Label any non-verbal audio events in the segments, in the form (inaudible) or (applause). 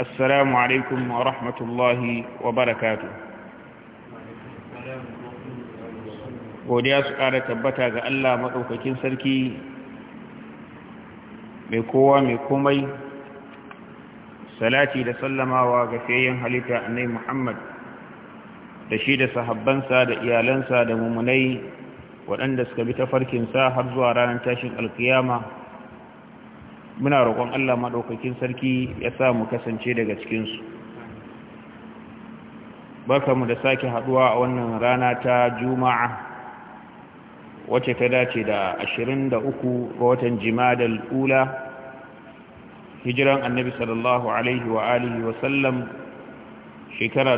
السلام عليكم ورحمة الله وبركاته godiya su ƙara tabbata ga Allah maɗaukakin sarki mai kowa mai komai salati da sallamawa ga fiyayyen halitta annai Muhammad da shi da sahabbansa da iyalansa da mummunai waɗanda suka bi tafarkinsa har zuwa ranar tashin alkiyama muna roƙon Allah maɗaukakin sarki ya sa mu kasance daga cikinsu baka mu da sake haɗuwa a wannan rana ta juma'a wacce ta dace da 23 ga watan jimadar ula hijiran annabi sallallahu alaihi wa alihi wa sallam shekara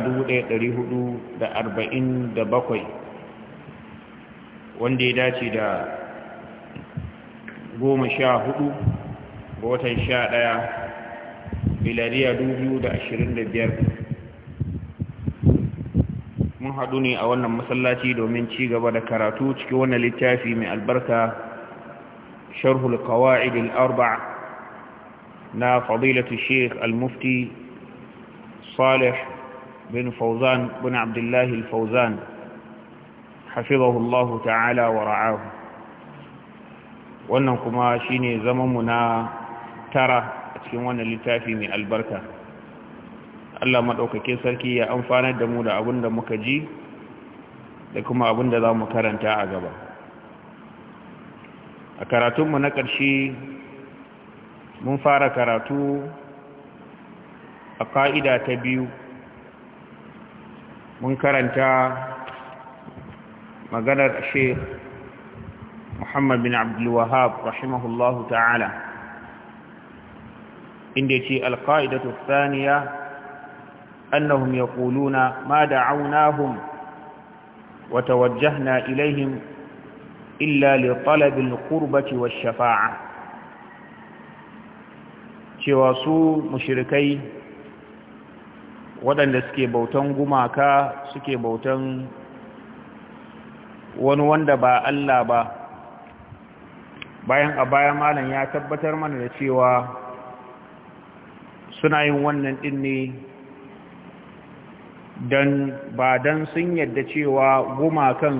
bakwai, wanda ya dace da goma sha hudu watan sha ɗaya miladiya dubu da ashirin da biyar mun haɗu ne a wannan masallaci domin ci gaba da karatu cikin wannan littafi mai albarka sharhul qawa'id al-arba na fadilatu sheikh al-mufti salih bin fauzan bin abdullahi al-fauzan hafizahullahu ta'ala wa ra'ahu wannan kuma shine zamanmu na tara a cikin wannan littafi mai albarka Allah maɗaukakin sarki ya amfanar da mu da abin da muka ji da kuma abin da za mu karanta a gaba a karatunmu na ƙarshe mun fara karatu a ƙa'ida ta biyu mun karanta maganar sheikh muhammad bin abdulwahab rahimahullahu ta'ala inda yace alqaidatu ya annahum yaquluna ma da'awnahum wa tawajjahna ilaihim illa li talabi alqurbati wash-shafa'a cewa su mushrikai waɗanda suke bautan gumaka suke bautan wani wanda ba Allah ba bayan a baya malam ya tabbatar mana da cewa suna yin wannan din ne don ba don sun yadda cewa gumakan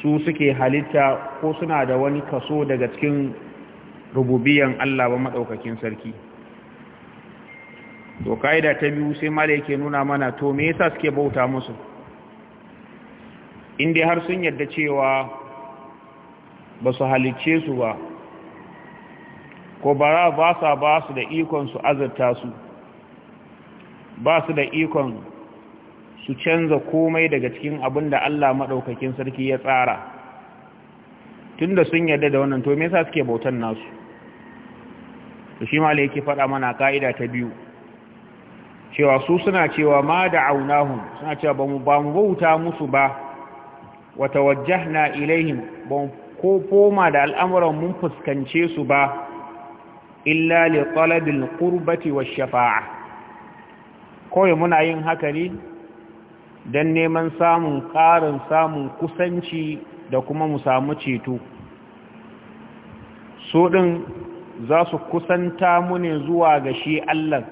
su suke halitta ko suna da wani kaso daga cikin rububiyan Allah ba maɗaukakin sarki to ka'ida ta biyu sai mala yake nuna mana to me yasa suke bauta musu inda har sun yadda cewa ba su halicce su ba ko bara ba sa ba su da ikon su azarta su ba su da ikon su canza komai daga cikin abin da Allah maɗaukakin sarki ya tsara tunda sun yarda da wannan to me yasa suke bautan nasu to shi ma yake faɗa mana ka'ida ta biyu cewa su suna cewa ma da aunahun suna cewa ba mu bauta musu ba wata tawajjahna ilaihim ba ko foma da al'amuran mun fuskance su ba illa li talabil qurbati wash shafa'a kawai muna yin haka ne dan neman samun ƙarin samun kusanci da kuma mu samu ceto su din za su kusanta mu ne zuwa ga shi Allah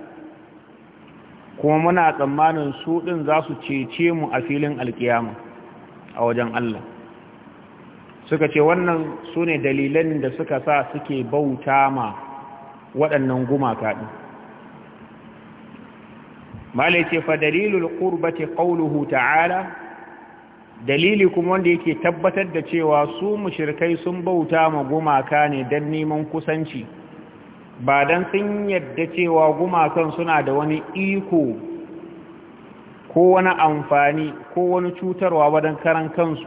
kuma muna tsammanin su din za su cece mu a filin alkiyama a wajen Allah suka ce wannan su ne dalilan da suka sa suke bauta ma waɗannan gumaka ɗin malai ce fa dalilul qurbati qawluhu ta'ala dalili kuma wanda yake tabbatar da cewa su mushrikai sun bauta ma gumaka ne don neman kusanci ba don sun yadda cewa gumakan suna da wani iko ko wani amfani ko wani cutarwa wajen karan kansu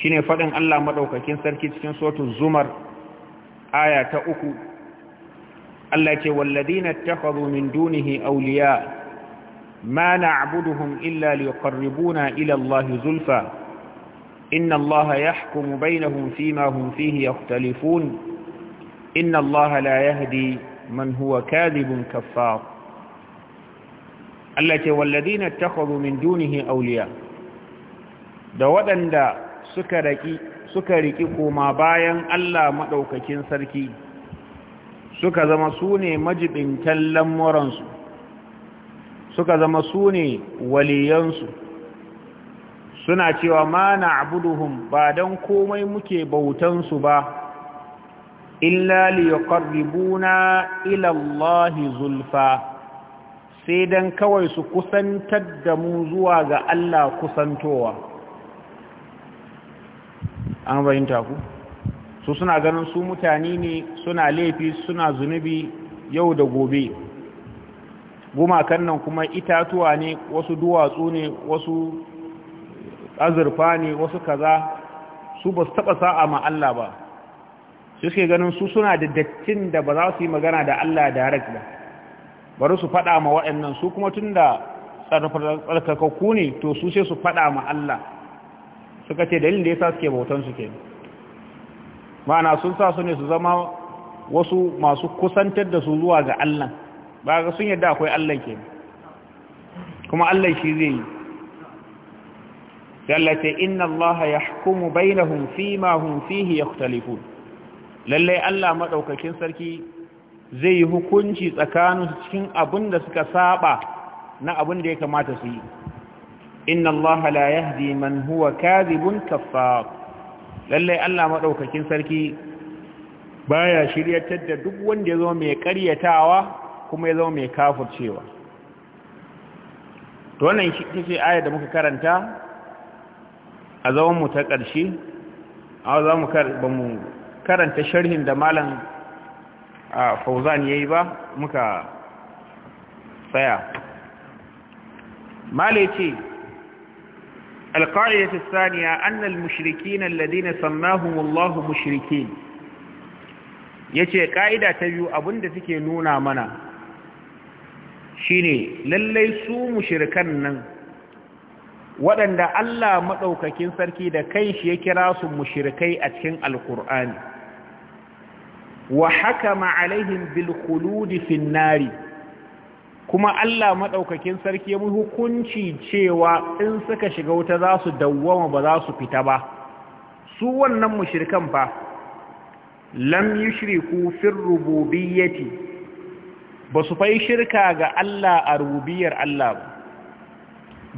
Shi ne faɗin Allah maɗaukakin sarki cikin sotun zumar aya ta uku Allah ce walladina takhadhu min dunihi awliya ma na'buduhum illa liqarribuna ila Allah zulfa inna Allah yahkumu bainahum fima hum fihi yakhtalifun inna Allah la yahdi man huwa kadhibun kaffar Allah ce walladina takhadhu min dunihi da waɗanda suka raki suka riki koma bayan Allah madaukakin sarki suka zama su ne majibintan lamuransu suka zama su ne waliyansu suna cewa ma na abuduhun ba don komai muke bautansu ba illa liyaqarribuna buna ilallahi zulfa sai don kawai su kusantar da mu zuwa ga Allah kusantowa an bayin taku? su suna ganin su mutane ne suna laifi suna zunubi yau da gobe gumakan nan kuma itatuwa ne wasu duwatsu ne wasu azurfa ne wasu kaza su ba su taɓa sa'a ma Allah ba su suke ganin su suna da dattin da ba za su yi magana da Allah da direct ba bari su faɗa ma waɗannan su kuma tun da tsarkakakku ne to su sai su faɗa ma Allah suka ce dalilin da ya sa suke bautan su kenan ma'ana sun sa su ne su zama wasu masu kusantar da su zuwa ga Allah ba ga sun yadda akwai Allah ke kuma Allah shi zai yi yallace inna Allah ya hukumu bainahum fima hum fihi yakhtalifun lalle Allah madaukakin sarki zai yi hukunci tsakanin cikin abin da suka saba na abin da ya kamata su yi inna Allah la yahdi man huwa kadhibun kaffar lallai Allah maɗaukakin sarki baya shiryatar da duk wanda ya zama mai ƙaryatawa kuma ya zama mai kafurcewa to wannan shi aya da muka karanta a zaman mu ta ƙarshe a za mu karanta sharhin da malam fauzan ya yi ba muka tsaya male ce القاعدة الثانية أن المشركين الذين سماهم الله مشركين yace ƙa'ida ta biyu abinda suke nuna mana shine lallai su mushrikan nan waɗanda Allah maɗaukakin sarki da shi ya kira su mushrikai a cikin alkur'ani wa hakama alaihim bil khuludi fin kuma Allah maɗaukakin sarki ya mu hukunci cewa in suka shiga wuta za su dawwama ba za su fita ba su wannan mushrikan fa lam yushriku fir rububiyyati ba su fai shirka ga Allah a rububiyar Allah ba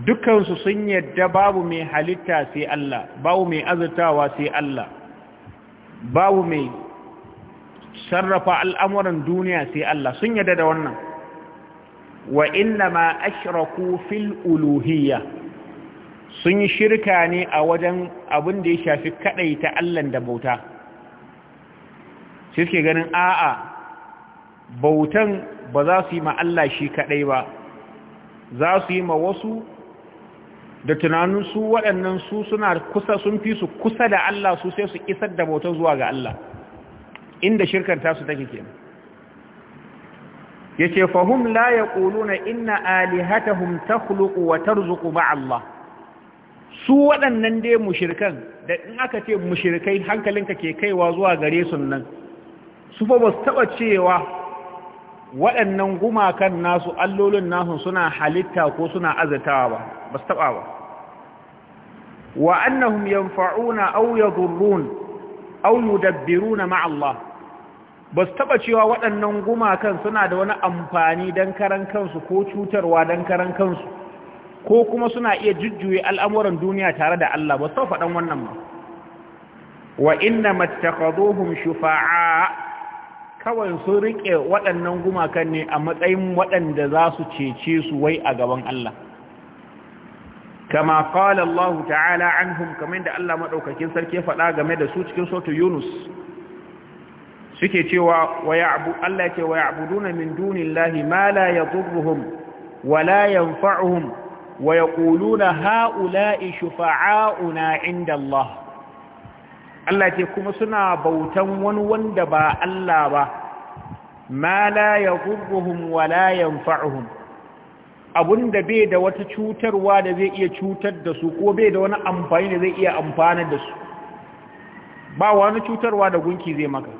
dukansu sun yadda babu mai halitta sai Allah babu mai azurtawa sai Allah babu mai sarrafa al'amuran duniya sai Allah sun yadda da wannan wa inna ma ashraku fil uluhiyya sun yi shirka ne a wajen abin da ya shafi kadai ta Allah da bauta shi suke ganin a'a bautan ba za su yi ma Allah shi kadai ba za su yi ma wasu da tunanin su waɗannan su suna kusa sun fi su kusa da Allah su sai su isar da bautan zuwa ga Allah inda shirkar tasu take kenan Ya yace fahum la yaquluna inna alihatahum takhluqu wa tarzuqu ba Allah su waɗannan dai mushirkan da in aka ce mushrikai hankalinka ke kaiwa zuwa gare su nan su fa basu taba cewa waɗannan gumakan nasu allolin nasu suna halitta ko suna azatawa ba su taɓa ba wa annahum yanfa'una aw yadurrun aw yudabbiruna ma'a Allah ba su taba cewa waɗannan gumakan suna da wani amfani don karan kansu ko cutarwa don karan kansu ko kuma suna iya jujjuye al'amuran duniya tare da Allah ba su faɗan wannan ba wa inna mattakadohum shufa'a kawai sun riƙe waɗannan gumakan ne a matsayin waɗanda za su cece su wai a gaban Allah kama ƙala Allah ta'ala an kamar da Allah maɗaukakin sarki faɗa game da su cikin sautu Yunus suke cewa wa ya'bu Allah ce wa ya'buduna min dunillahi ma la yadurruhum wa la yanfa'uhum wa yaquluna ha'ula'i shufa'auna 'inda Allah Allah ce kuma suna bautan wani wanda ba Allah ba ma la yadurruhum wa la yanfa'uhum abunda bai da wata cutarwa da zai iya cutar da su ko bai da wani amfani da zai iya amfana da su ba wani cutarwa da gunki zai maka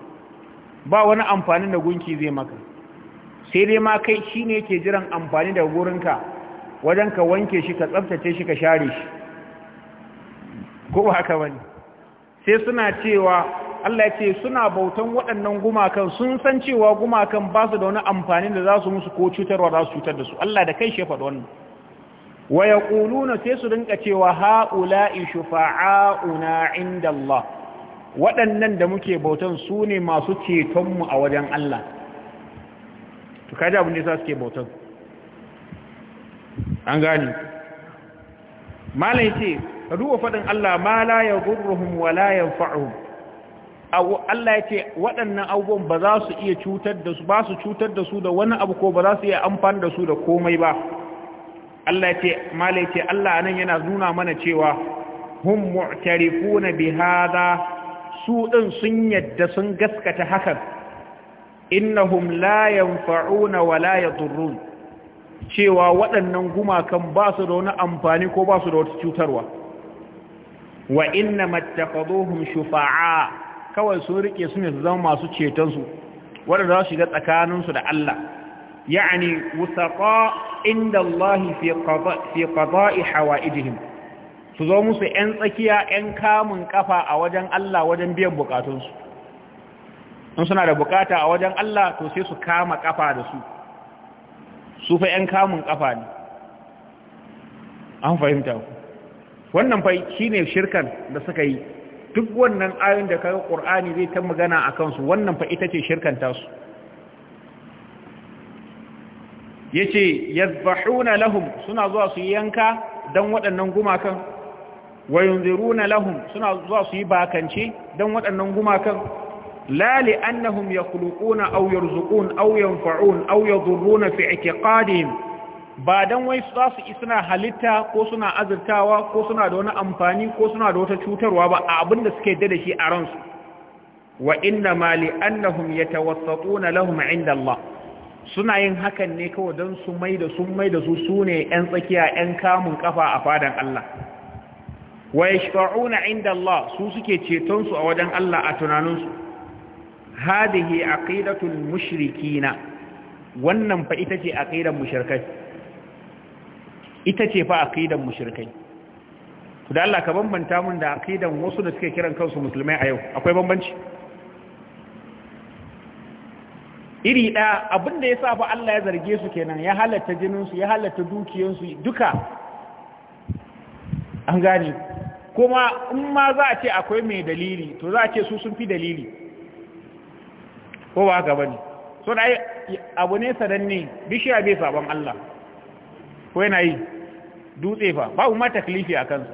ba wani amfani da gunki zai maka sai dai ma kai shi ne ke jiran amfani da gurinka wajen ka wanke shi ka tsabtace shi ka share shi ko ba haka wani sai suna cewa Allah ce suna bautan waɗannan gumakan sun san cewa gumakan ba su da wani amfani da za su musu ko cutarwa za su cutar da su Allah da kai shi faɗi wannan wa yaquluna sai su rinka cewa ha'ula'i shufa'a'una inda Allah waɗannan da muke bautan su ne masu cetonmu a wajen Allah to kaji abin da suke bautan an gane malai ce ruwa faɗin Allah ma la ya gurruhun wa la ya yanfa'uhum Allah ya ce waɗannan abubuwan ba za su iya cutar da su ba su cutar da su da wani abu ko ba za su iya amfani da su da komai ba Allah ya ce, malai ce Allah nan yana nuna mana cewa hum mu'tarifuna bi hadha su ɗin sun yadda sun gaskata hakan innahum la yanfa'una wa la yadurrun cewa waɗannan gumakan ba su da wani amfani ko ba su da wata cutarwa wa inna mattakhadhuhum shufa'a kawai sun rike su ne su zama masu ceton su waɗanda za su shiga tsakanin su da Allah ya'ani wusaqa inda Allah fi qada'i hawaijihim su zo musu 'yan tsakiya 'yan kamun kafa a wajen Allah wajen biyan bukatunsu in suna da bukata a wajen Allah to sai su kama kafa da su su fa 'yan kamun kafa ne an fahimta ku wannan fai shi ne shirkan da suka yi duk wannan ayin da kaga ƙur'ani zai ta magana a kansu wannan fa ita ce shirkan tasu ya ce yadda lahum suna zuwa su yanka don waɗannan gumakan wa yunziruna lahum suna zuwa su yi bakanci dan waɗannan gumakan la li annahum yakhluquna aw yarzuqun aw ba dan wai su zasu suna halitta ko suna azurtawa ko suna da wani amfani ko suna da wata cutarwa ba a abinda suke da da shi a ransu wa inna ma li lahum 'inda suna yin hakan ne kawai don su mai da sun mai da su su ne 'yan tsakiya 'yan kamun ƙafa, a fadan Allah wa yashfa'una inda Allah su suke ceton su a wajen Allah a tunanin su hadihi aqidatul mushrikina wannan fa ita ce aqidar mushrikai ita ce fa aqidar mushrikai to da Allah ka bambanta mun da aqidan wasu da suke kiran kansu musulmai a yau akwai bambanci iri ɗaya abinda ya sa fa Allah ya zarge su kenan ya halatta jininsu ya halatta dukiyansu duka an gane kuma in ma za a ce akwai mai dalili to za a ce su sun fi dalili ko ba gaba bane so da abu ne sadanne bishiya bai sabon Allah ko yana yi dutse fa ba mata taklifi a kansu,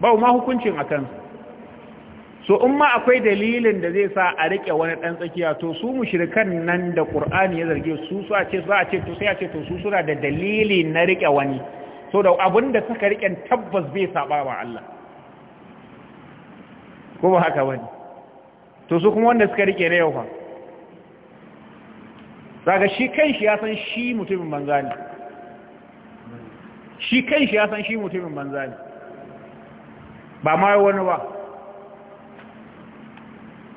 ba ma hukuncin a kansu. so in ma akwai dalilin da zai sa a rike wani dan tsakiya to su mushrikan nan da Qur'ani ya zarge su su a ce za a ce to sai a ce to su suna da dalili na rike wani so da abinda suka riken tabbas bai saba wa Allah ko ba haka wani to su kuma wanda suka rike na yau fa daga shi kanshi ya san shi mutumin banza ne shi kanshi ya san shi mutumin banza ne ba ma wani ba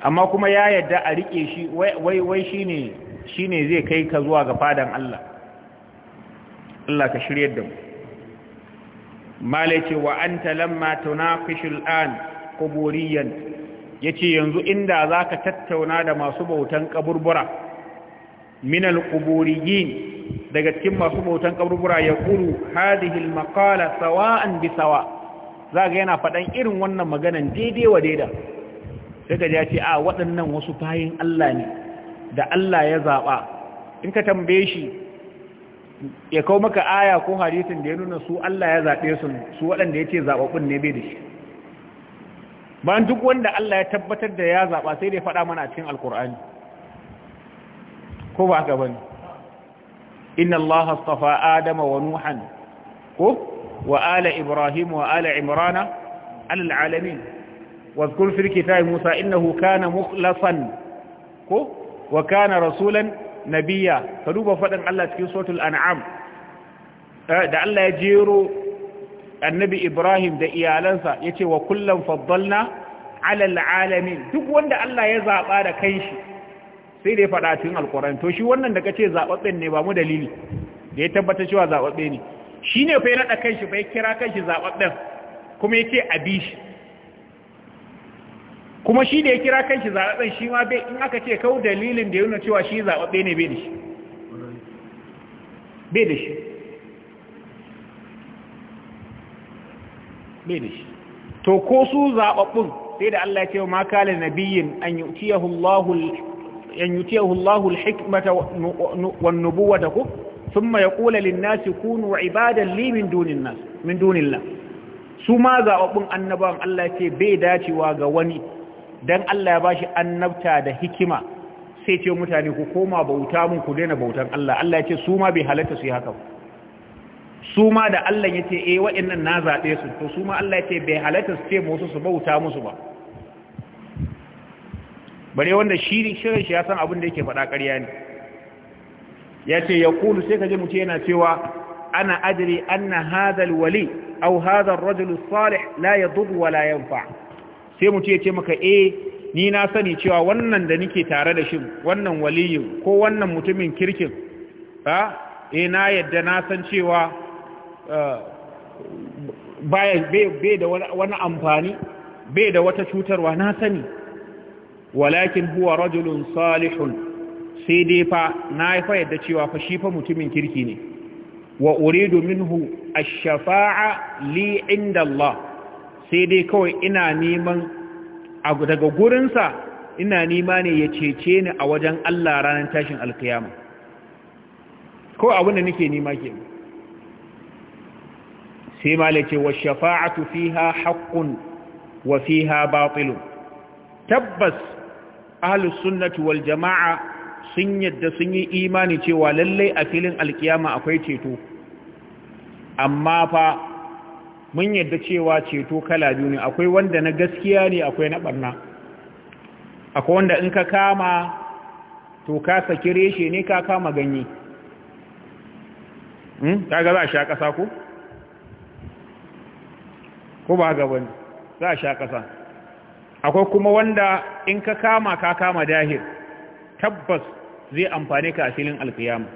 amma kuma ya yadda a rike shi wai wai shine shine zai kai ka zuwa ga fadan Allah Allah ka shiryar da mu malace wa ta lamma tunaqishul an ya ce yanzu inda za ka tattauna da masu bautan kaburbura Minal kuburiyin daga cikin masu bautan kaburbura ya kuru hadihil makala sawa'an bi sawa zaga yana faɗan irin wannan maganan daidai wa daida sai ya a waɗannan wasu bayan Allah ne da Allah ya zaɓa in ka tambaye shi ya kawo maka aya ko hadisin da ya nuna su Allah ya zaɓe su su waɗanda ya ce zaɓaɓɓun ne bai da shi bayan duk wanda Allah ya tabbatar da ya zaɓa sai dai faɗa mana a cikin alkur'ani ko ba haka bane inna Allah astafa adama wa nuhan ko wa ala ibrahim wa ala imrana alal alamin wa zkur fil kitabi musa innahu kana mukhlasan ko wa kana rasulan nabiya ka duba faɗin Allah cikin suratul an'am eh, da Allah ya jero annabi Ibrahim da iyalansa yace wa kullum faddalna alala alamin duk wanda Allah ya zaɓa da kanshi sai dai faɗa cikin alquran to shi wannan da ce zaɓaɓɓen ne ba mu dalili da ya tabbata cewa zaɓaɓɓe ne shi ne fa ya naɗa kanshi fa ya kira kanshi zaɓaɓɓen kuma bi shi. kuma shi da ya kira kanshi zaɓaɓɓen shi ma bai in aka ce kawo dalilin da ya nuna cewa shi zaɓaɓɓe ne bai da shi bai da shi bai da shi to ko su zaɓaɓɓun sai da Allah ya ce ma kala nabiyin an yutiyahu Allahu al-hikmata wan nubuwata ku thumma yaqulu lin-nasi kunu ibadan li min dunin nan? min dunillah su ma zaɓaɓɓun annabawan Allah ya ce bai dacewa ga wani dan Allah ya bashi annabta da hikima sai ce mutane ku koma bauta mun ku daina bautan Allah Allah ya ce su ma bai halatta su yi haka su ma da Allah ya ce eh waɗannan na zaɓe su to su ma Allah ya ce bai halatta su ce musu su bauta musu ba bare wanda shi shirin shi ya san abin da yake faɗa ƙarya ne ya ce ya kulu sai ka ji mutum yana cewa ana adri anna Hadal wali aw Hadal ar-rajul salih la yadur wa la yanfa' sai mu ce ce maka eh ni na sani cewa wannan da nike tare da shi wannan waliyin ko wannan mutumin kirkin ha eh na yadda na san cewa eh, bai da wani amfani bai da wata cutarwa na sani walakin huwa rajulun salihun sai dai fa na fa yadda cewa fa shi fa mutumin kirki ne wa uridu minhu ash-shafa'a li inda Allah sai dai kawai ina neman daga gurinsa ina nema ne ya cece ni a wajen Allah ranar tashin alkiyama ko abin nake nema ke sai malace wa shafa'atu fiha haqqun wa fiha batilun tabbas ahlus sunnati wal jama'a sun yadda sun yi imani cewa lallai a filin alkiyama akwai ceto amma fa mun yadda cewa ceto kala biyu ne akwai wanda na gaskiya ne akwai na barna akwai wanda in ka kama to ka saki reshe ne ka kama ganye ta hmm? ga za a sha ƙasa ko? ko ba ga wani za a sha ƙasa akwai kuma wanda in ka kama ka kama dahir tabbas zai amfane ka a filin alkiyama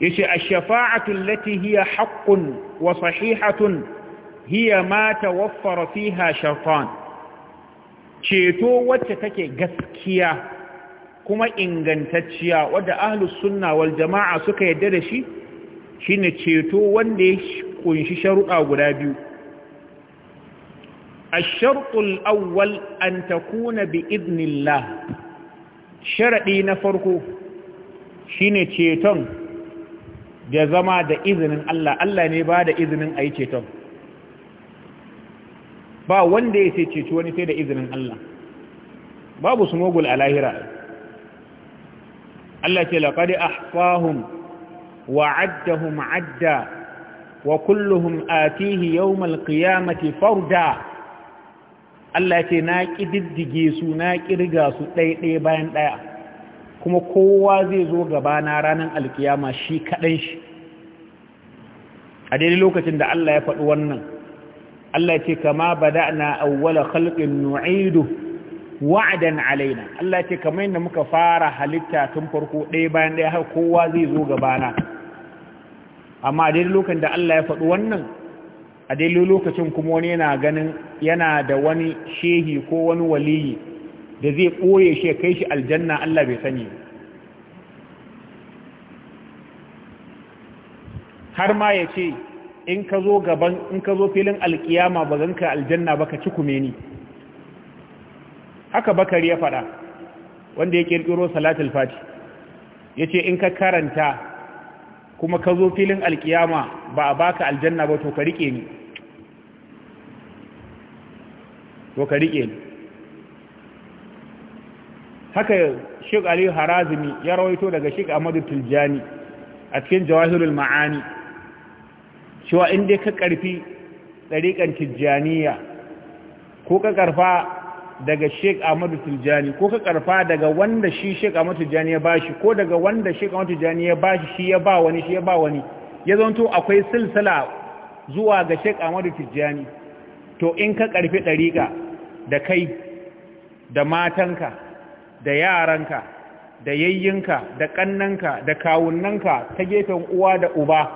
yace ash-shafa'atu allati hiya haqqun wa sahihatun hiya ma tawaffara fiha shaytan ceto wacce take gaskiya kuma ingantacciya wadda ahlus sunna wal jama'a suka yadda da shi shine ceto wanda ya kunshi sharuɗa guda biyu الشرط الأول أن تكون bi الله sharaɗi na farko shine ceton da zama da izinin Allah Allah ne ba da izinin a yi ceton ba wanda ya ce ceci wani sai da izinin Allah babu su mogul a lahira Allah ce laƙari ahfahum wa addahum adda wa kulluhum atihi yawmal qiyamati fauda Allah ce na ƙididdige su na ƙirga su ɗaiɗaya bayan ɗaya kuma kowa zai zo gaba na ranar alkiyama shi kaɗan shi a daidai lokacin da Allah ya faɗi wannan Allah ce kama bada'na awwala khalqin nu'idu wa'dan alaina Allah ce kamar yadda muka fara halitta tun farko ɗaya bayan ɗaya har kowa zai zo gaba na amma a daidai lokacin da Allah ya faɗi wannan a daidai lokacin kuma wani yana ganin yana da wani shehi ko wani waliyi da zai ɓoye shi kai shi aljanna Allah bai sani har ma ya ce in ka zo gaban in ka zo filin alkiyama ba zan ka aljanna ba ka ci kume ni haka bakari ya faɗa wanda ya ƙirƙiro salatul fati ya ce in ka karanta kuma ka zo filin alkiyama ba a baka aljanna ba to ka riƙe ni to ka riƙe ni haka shek aliyu harazimi ya rawaito daga shek amadu tuljani a cikin jawahirul ma'ani cewa inda ka karfi ɗariƙan tijjaniya ko ka karfa daga shek amadu tuljani ko ka karfa daga wanda shi shek amadu tuljani ya bashi ko daga wanda shek amadu tuljani ya bashi shi ya ba wani shi ya ba wani ya zanto akwai silsila zuwa ga shek amadu tuljani to in ka karfi ɗariƙa da kai da matanka da yaranka da yayyinka da ƙannanka, da kawunanka ta gefen uwa da uba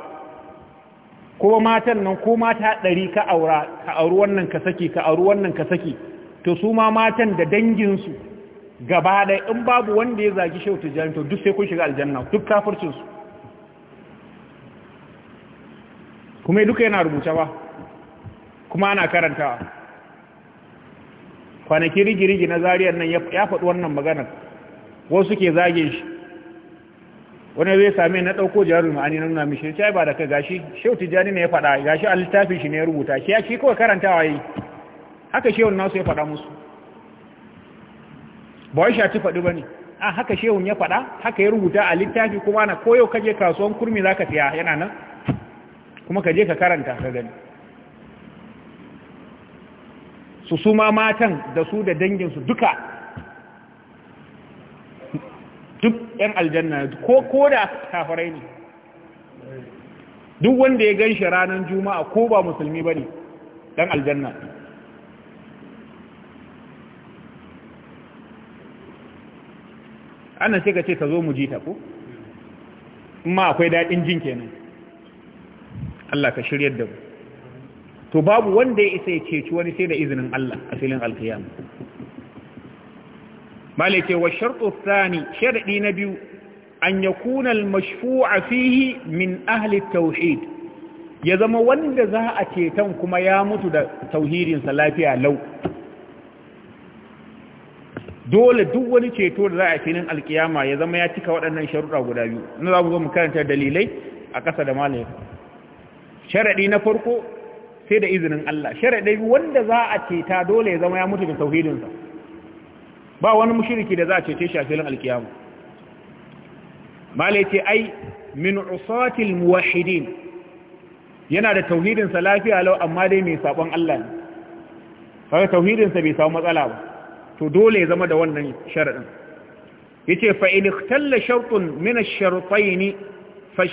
kuma matan nan ko mata ɗari ka aura ka auri wannan ka saki ka auri wannan ka saki to su ma matan da danginsu gaba ɗaya in babu wanda ya zagi shautu tijjani to duk sai kun shiga aljanna duk kafircinsu kuma duka yana rubuce ba kuma ana karantawa kwanaki rigirigi na zariyar nan ya faɗi wannan maganar wasu suke zage shi wani zai sami na ɗauko jaru ma'ani na nuna mishi ce ba da ka gashi shehu tijjani ne ya faɗa gashi a littafin shi ne ya rubuta shi ya shi kawai karantawa yi haka shehun nasu ya faɗa musu ba wai shi faɗi ba ne a ah, haka shehun ya faɗa haka ya rubuta a littafi kuma na koyo kaje kasuwan kurmi za ka siya yana nan kuma ka je ka karanta ka gani su suma matan da su da danginsu duka duk 'yan aljanna ko ko da kafirai ne duk wanda ya gan shi ranar juma'a ko ba musulmi ba ne ɗan aljanna ana sai ka ce ka zo mu ji ta ko ma akwai daɗin jin kenan Allah ka shiryar da mu to babu wanda ya isa ya ceci wani sai da izinin Allah a filin alkiyama malike wa shartu thani sharadi na biyu an yakuna al-mashfu'a fihi min ahli tauhid ya zama wanda za a ceton kuma ya mutu da tauhidin sa lafiya lau dole duk wani ceto da za a filin alkiyama ya zama ya cika waɗannan sharuɗa guda biyu na za mu zo mu karanta dalilai a ƙasa da malaya sharaɗi na farko sai da izinin Allah sharaɗai wanda za a ceta dole ya zama ya mutu da tauhidinsa ba wani mushiriki da za a cece shi a filin alkiyama mala ce ai min usatil muwahhidin yana da tauhidinsa lafiya lau amma dai mai sabon Allah ne kaga tauhidinsa bai samu matsala ba to dole ya zama da wannan sharaɗin ya fa in ikhtalla shartun min ash-shartayn fa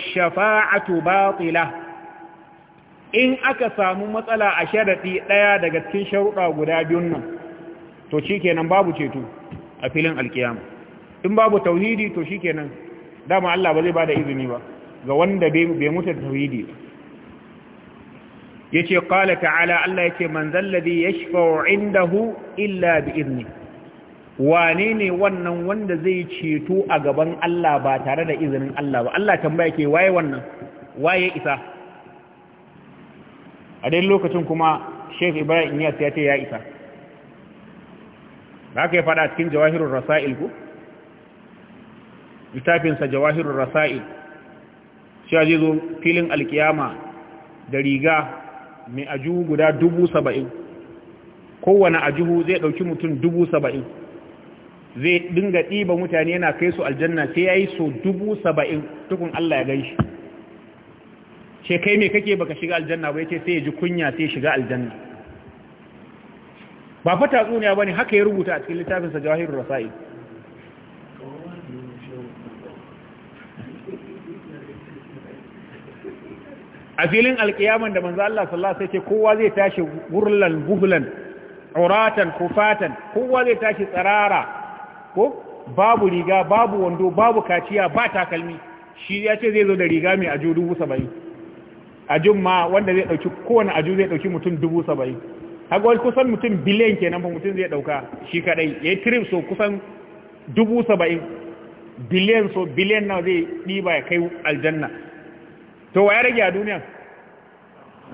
in aka samu matsala a sharaɗi ɗaya daga cikin sharuɗa guda biyun nan to shi kenan babu ceto a filin alkiyama in babu tauhidi to shi kenan dama Allah ba zai ba da izini ba ga wanda bai mutu tauhidi ya ce ƙala ta'ala Allah ya ce man zallabi ya inda indahu illa bi izini wane ne wannan wanda zai ceto a gaban Allah ba tare da izinin Allah ba Allah tambaya ke waye wannan waye isa a dai lokacin kuma sheikh ibrahim iyas ya ta ya isa da aka yi fada cikin jawahirun rasa'il ku littafinsa jawahirun rasa'il shi a zo filin alkiyama da riga mai ajuhu guda dubu saba'in kowane ajuhu zai ɗauki mutum dubu saba'in zai dinga ɗiba mutane yana kai su aljanna sai ya yi so dubu saba'in tukun allah ya gan shi ce kai me kake baka shiga aljanna ba yace sai ya ji kunya sai shiga aljanna ba fa tatsuniya bane haka ya rubuta a cikin littafinsa Jawahirur Rasail a filin alkiyaman da manzo Allah sallallahu alaihi wasallam kowa zai tashi gurlan buhlan uratan kufatan kowa zai tashi tsarara ko babu riga babu wando babu kaciya ba takalmi shi ya ce zai zo da riga mai ajo saba'in ajun ma wanda zai dauki kowane aju zai dauki mutum dubu saba'in haka wani kusan mutum biliyan kenan ba mutum zai dauka shi kadai ya yi trip so kusan dubu saba'in biliyan so biliyan nawa zai ba ya kai aljanna to wa ya rage a duniya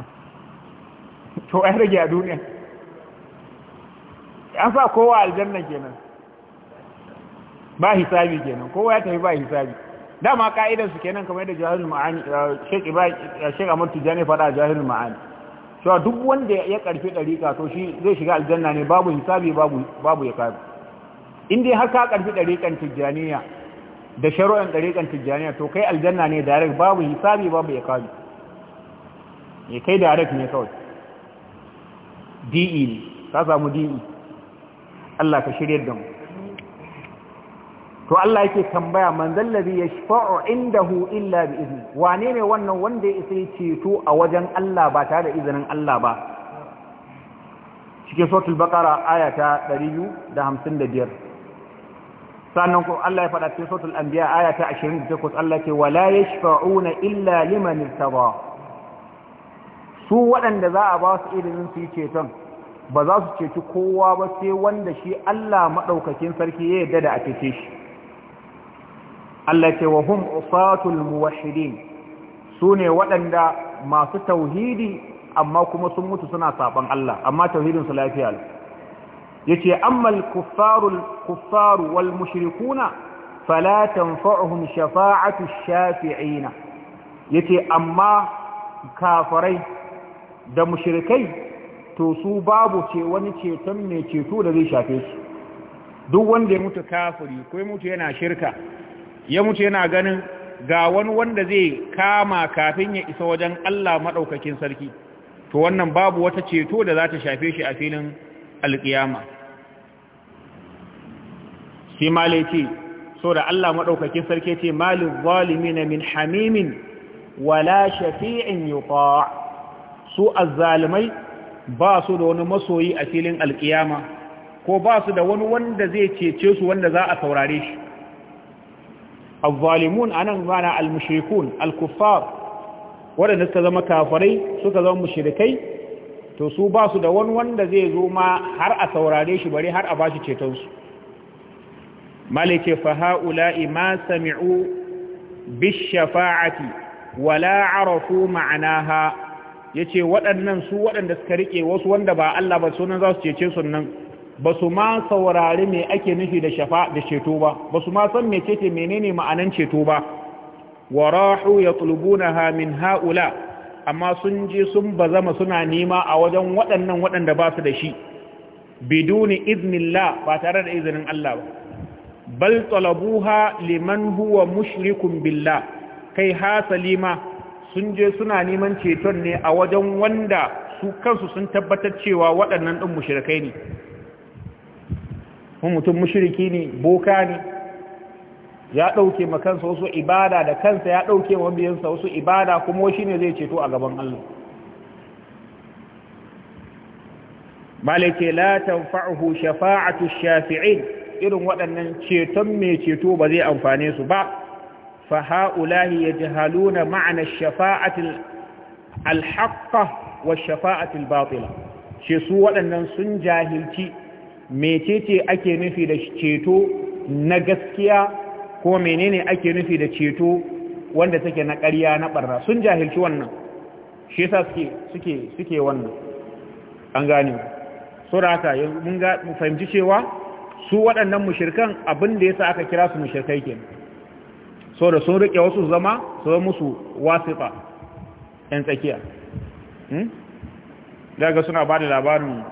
(laughs) to wa ya rage a duniya an sa kowa aljanna kenan ba hisabi kenan kowa ya tafi ba hisabi dama ka'idar su kenan kamar yadda jahilul ma'ani Sheikh Ibrahim Sheikh Ahmad Tijani fada jahilul ma'ani to duk wanda ya karfi dariƙa to shi zai shiga aljanna ne babu hisabi babu babu ya kafi in dai har ka karfi dariƙan Tijaniya da shari'an dariƙan Tijaniya to kai aljanna ne direct babu hisabi babu ya kafi ne eh, kai direct ne kawai di'i e ne ka samu di'i e. Allah ka shirye da mu to Allah yake tambaya man zallabi ya shafa'u indahu illa bi izini wane ne wannan wanda ya isa ya ceto a wajen Allah ba tare da izinin Allah ba cikin sautul bakara aya ta 255 sannan ko Allah ya faɗa cikin sautul anbiya aya ta 28 Allah ke wala yashfa'una illa liman irtaba su waɗanda za a ba su izinin su yi ceton ba za su ceci kowa ba sai wanda shi Allah madaukakin sarki ya yarda da a cece shi Allah ce wa hum usatul muwahhidin sune waɗanda masu tauhidi amma kuma sun mutu suna saban Allah amma tauhidin su lafiya yace ammal al-kuffarul kuffaru wal mushrikuna fala tanfa'uhum shafa'atu shafi'ina yace amma kafirai da mushrikai to su babu ce wani ceton mai ceto da zai shafe su duk wanda ya mutu kafiri ko ya mutu yana shirka ya mutu yana ganin ga wani wanda zai kama kafin ya isa wajen Allah maɗaukakin sarki to wannan babu wata ceto da za ta shafe shi a filin alƙiyama shi male ce so da Allah maɗaukakin sarki ce malin zalimina min hamimin wala shafi'in yuqa su azzalimai ba su da wani masoyi a filin alƙiyama ko ba su da wani wanda zai cece su wanda za a saurare shi azzalimun anan mana al kuffar waɗanda suka zama kafirai suka zama mushrikai to su ba su da wani wanda zai zo ma har a saurare shi bare har a bashi ceton su malike fa haula'i ma sami'u bishafa'ati wala arafu ma'anaha yace waɗannan su waɗanda suka rike wasu wanda ba Allah ba sunan za su cece su nan ba su ma saurari mai ake nufi da shafa da ceto ba ba su ma san cece menene ma'anan ceto ba wa rahu yatlubunaha min haula amma sun je sun ba zama suna nema a wajen waɗannan waɗanda ba su da shi biduni iznillah ba tare da izinin Allah ba bal talabuha liman huwa mushrikun billah kai hasali ma sun je suna neman ceton ne a wajen wanda su kansu sun tabbatar cewa waɗannan ɗin mushrikai ne kuma mutum mushriki ne boka ne ya ɗauke ma kansa wasu ibada da kansa ya ɗauke ma biyansa wasu ibada kuma shi ne zai ceto a gaban Allah malake la tanfa'uhu shafa'atu shafi'in irin waɗannan ceton mai ceto ba zai amfane su ba fa ha'ulahi yajhaluna ma'ana shafa'atil alhaqqa wa shafa'atil batila shi su waɗannan sun jahilci mecece ake nufi da ceto na gaskiya ko menene ake nufi da ceto wanda take na ƙarya na ɓarra? sun jahilci wannan shi yasa suke suke wannan an gane so da haka mun ga mu fahimci cewa su waɗannan mushirkan abin da yasa aka kira su mushirkai ke so da sun rike wasu zama su zama musu wasifa ‘yan tsakiya daga hmm? suna ba da labarin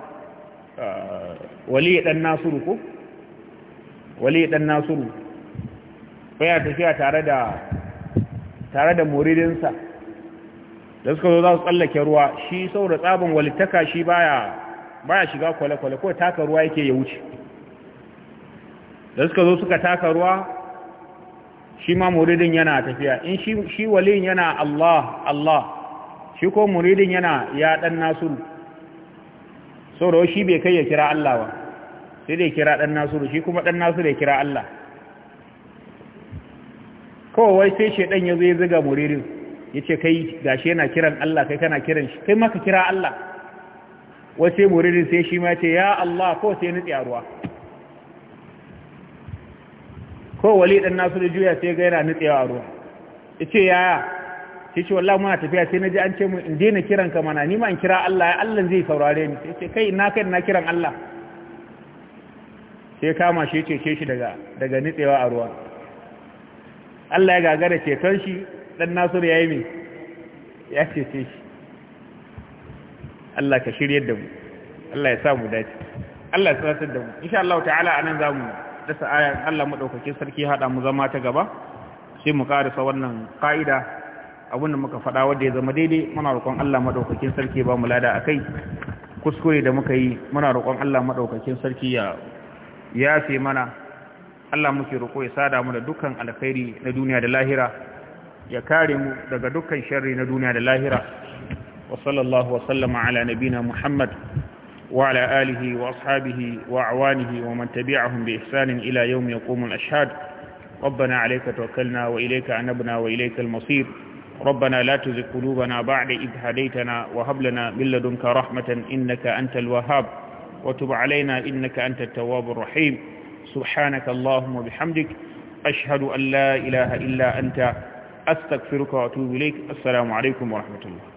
ah, wali dan nasiru ko wali dan nasiru baya tafiya tare da tare da muridinsa da suka zo za su tsallake ruwa shi saboda tsabin walittaka shi baya baya shiga kwale-kwale ko taka ruwa yake ya wuce da suka zo suka taka ruwa shi ma muridin yana tafiya in shi shi yana Allah Allah shi ko muridin yana ya dan nasiru saboda shi bai kai ya kira Allah ba sai dai kira dan Nasiru shi kuma dan Nasiru ya kira Allah kawai sai shedan ya zo ya zuga muririn yace kai gashi yana kiran Allah kai kana kiran shi kai maka kira Allah wai sai muririn sai shi ma ce ya Allah ko sai ni a ruwa ko wali dan Nasiru juya sai ga yana nutsewa a ruwa yace yaya sai ce wallahi muna tafiya sai na ji an ce mu in daina kiran ka mana ni ma in kira Allah ya Allah zai saurare ni sai ce kai ina kai ina kiran Allah sai kama shi ce shi daga daga nitsewa a ruwa Allah ya gagara ceton shi dan ya yayi me ya ce shi Allah ka shirye da mu Allah ya sa mu dace Allah ya tsasar da mu insha Allah ta'ala anan zamu dasa ayan Allah dauke sarki hada mu zama ta gaba sai mu karasa wannan ka'ida abin da muka faɗa wanda ya zama daidai muna roƙon Allah maɗaukakin sarki ba mu lada kai. kuskure da muka yi muna roƙon Allah maɗaukakin sarki ya yafe mana Allah muke roƙo ya sada mu da dukkan alkhairi na duniya da lahira ya kare mu daga dukkan sharri na duniya da lahira wa sallallahu wa sallama ala nabina Muhammad wa ala alihi wa ashabihi wa awanihi wa man tabi'ahum bi ihsanin ila yawmi yaqumul ashhad ربنا عليك توكلنا وإليك عنبنا وإليك المصير ربنا لا تزغ قلوبنا بعد إذ هديتنا وهب لنا من لدنك رحمة إنك أنت الوهاب وتب علينا إنك أنت التواب الرحيم سبحانك اللهم وبحمدك أشهد أن لا إله إلا أنت أستغفرك وأتوب إليك السلام عليكم ورحمة الله